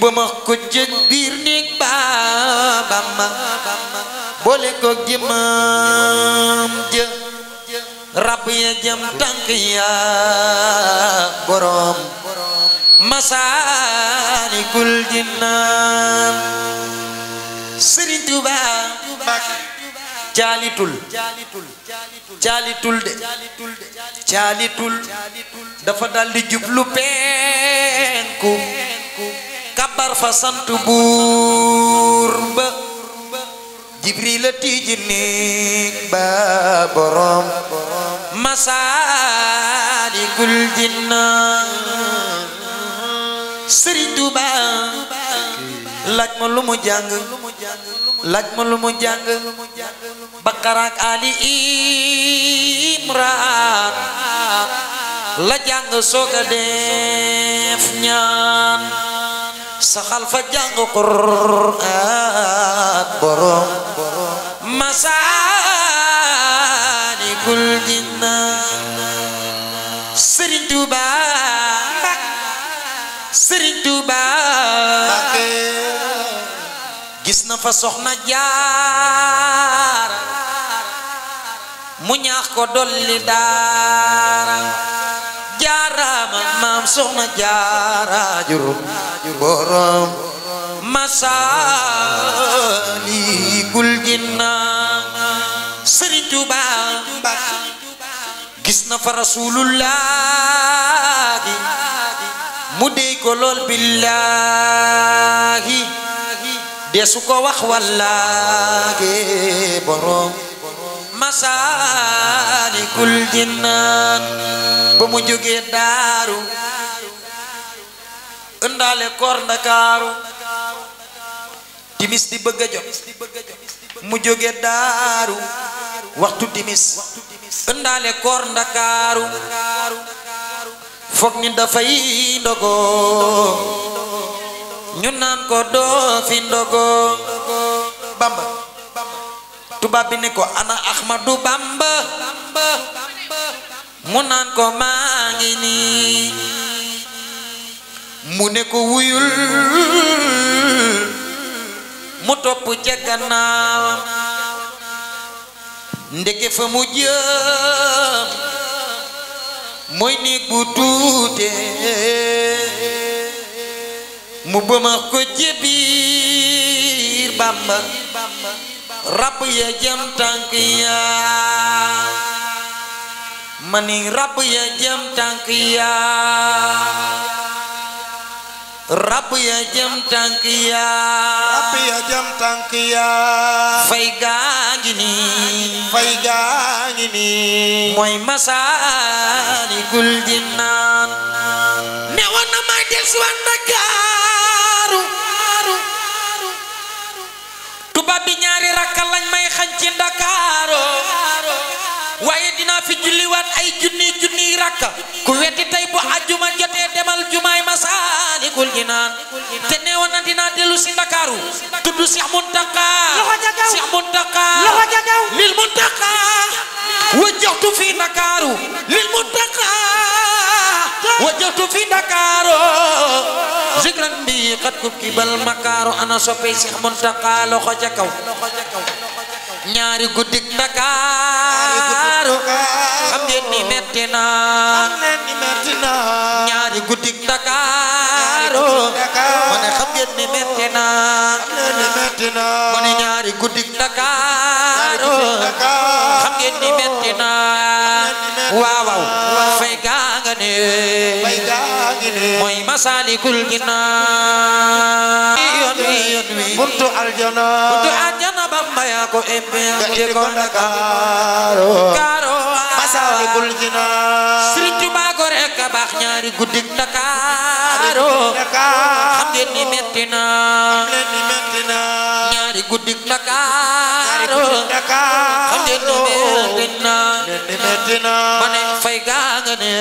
bama ko jëg biir néeg ma Boleh kau gimam je Rapi ya jëm tànk ya borom masaalikul jinnaan jali tul, jali tul de jali tul, dafa daldi jublu penku Parfasan tubur ba Jibril di jinik baborom masalikul jinna Serigne Touba laaj lak mulu mu jang lak mulu mu jang bakarak Ali Imran la jàng soog a saxal fa jàng quraan borom masaalikul jinaan Sëriñ Tuuba Sëriñ Tuuba gis na fa soxna jaar mu ñaax ko dolli daara maam soxna jaara jur borom masaalikul jinaan Sëriñ Tuuba gis na fa rasuulullaahi mu dey ko billaahi desu ko wax wallaahi borom masaalikul jinnaan ba mu jógee daaru ëndaale koor ndakaaru timis di bëgg jot mu jóge daaru waxtu timis ëndaale koor ndakaaru foog ni dafay ndogo ñu naan ko doo fi ndogo bamba tuba bini ko anak Ahmadu bamba munan ko mangini mune ko wuyul mu top ci gannaaw ndeke fa mu jëm mooy néeg bu mu bama ko jebir bamba rab ya jëm tànk ya mani rab ya jëm tànk ya jëm tànk ya rab ya jëm tànk ya fay gaa ngi nii mooy Masaalikul Jinaan ne woon na may si waat Ndakaaru tubaab bi daanaka lañ may xañ ci ndakaaro waaye dinaa fi julliwaat ay junni junni rakka ku wetti tey bu ajjuma jotee demal jumaay Masaalikul Jinaan te neewoon na dinaa dellu si ndakaaru tudd Cheikh Mountakha Cheikh Mountakha lil Mountakha wajjahtu fi ndakaaru lil Mountakha wajjahtu fi ndakaaru kran bi kat ku kibal makaro ana so pe sheikh muntaka lo ko ca kaw ñaari guddik dakar xam ngeen ni metina ñaari guddik dakar mané xam ngeen ni metina mané ñaari guddik dakar xam ngeen ni metina waaw waaw fay gaangane fay gaangane mooy masalikul jinaan yoon wi yoon wi buntu aljana buntu aljana bamba yaa ko ebe ko Ndakaaru kaaro masalikul jinaan Sëriñ Tuubaa ko rek a baax ñaari guddi Ndakaaru xam ngeen ni metti na ñaari guddi Ndakaaru xam ngeen ni metti gane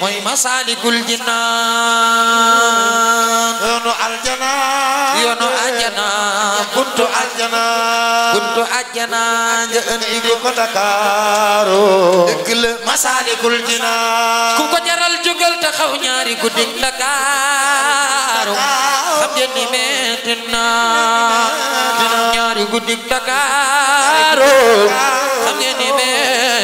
mooy masalikul jinaan yoonu aljana yoonu aljana buntu aljana buntu aljana njëën indi ko Dakaaru dëgg la masalikul jinaan ku ko jaral jógal taxaw ñaari guddi Dakaaru xam ngeen ni metti na dina ñaari guddi Dakaaru xam ngeen ni metti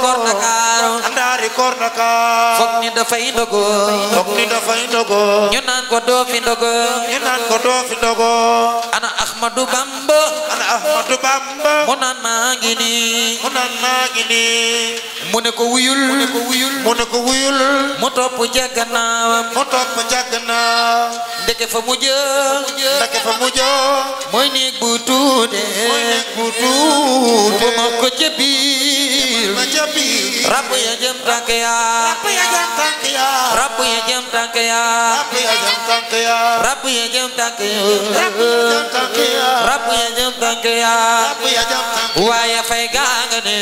koor Ndakaaru andaari koor Ndakaaru foog ni dafay ndogo foog ni ko doo fi ko doo fi fa mu jë ndeke fa mooy néeg bu mooy néeg bu tuude bu ko jëbi rab ya jëm tànk ya rab ya jëm tànk ya rab ya jëm tànk ya rab ya jëm tànk ya waaye fay gaanga ne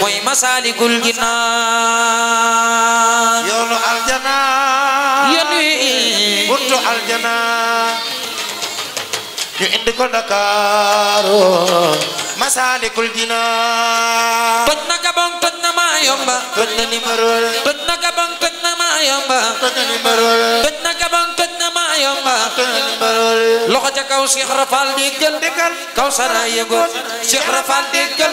mooy masalikul jinaan yoonu aljana yoonu buntu aljana indi ko Ndakaaru oh, Masaalikul Jinaan toj na Gabon toj na Mayumba toj na Libreville toj na Gabon toj na Mayumba toj na Libreville toj na Gabon toj na Mayumba toj na Libreville loxo ca kaw Cheikh Rafal déggal kaw sara yëngoot Cheikh Rafal déggal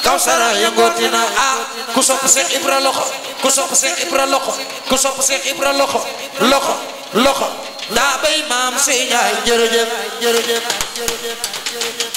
kaw sara yëngooti na ah ku sopp Cheikh Ibra loxo ku sopp Cheikh Ibra loxo ku sopp Cheikh Ibra loxo loxo loxo daa bay maam si ñaay jërëjëf jërëjëf jërëjëf jërëjëf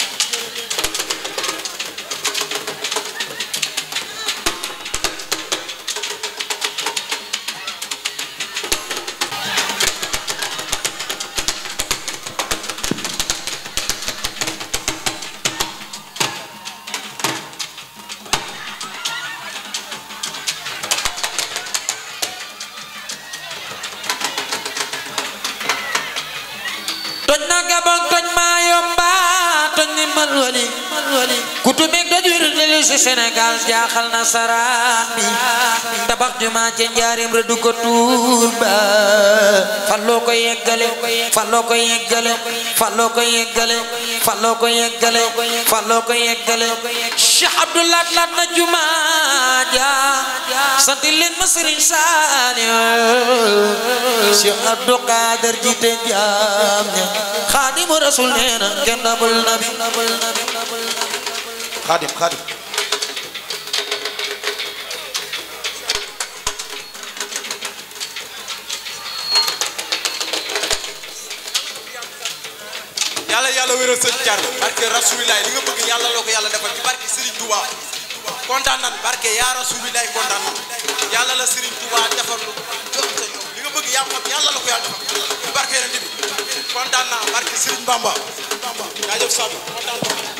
الولي الولي kutubik dojur delu si Sénégal jaaxal na saraan bi tabax jumaa ca njaarim rëddu ko Tuuba faloo ko yeggale faloo ko yeggale faloo ko yeggale faloo laat na jumaa ja sant leen ma Sëriñ Saaliw Cheikh Abdou Kader jiite jaam ña Xaadimu Rasul nee na xaadim xaadim yàlla yàlla wéral sëñ car barke rasulilaay li nga bëgg yàlla loo ko yàlla demal ci barke Serigne Touba kontaan nan barke yaa rasulilaay kontaan nan yàlla la Serigne Touba defal lu jox sa ñoom li nga bëgg yàlla la yàlla defal ci barke ren bi kontaan naa barke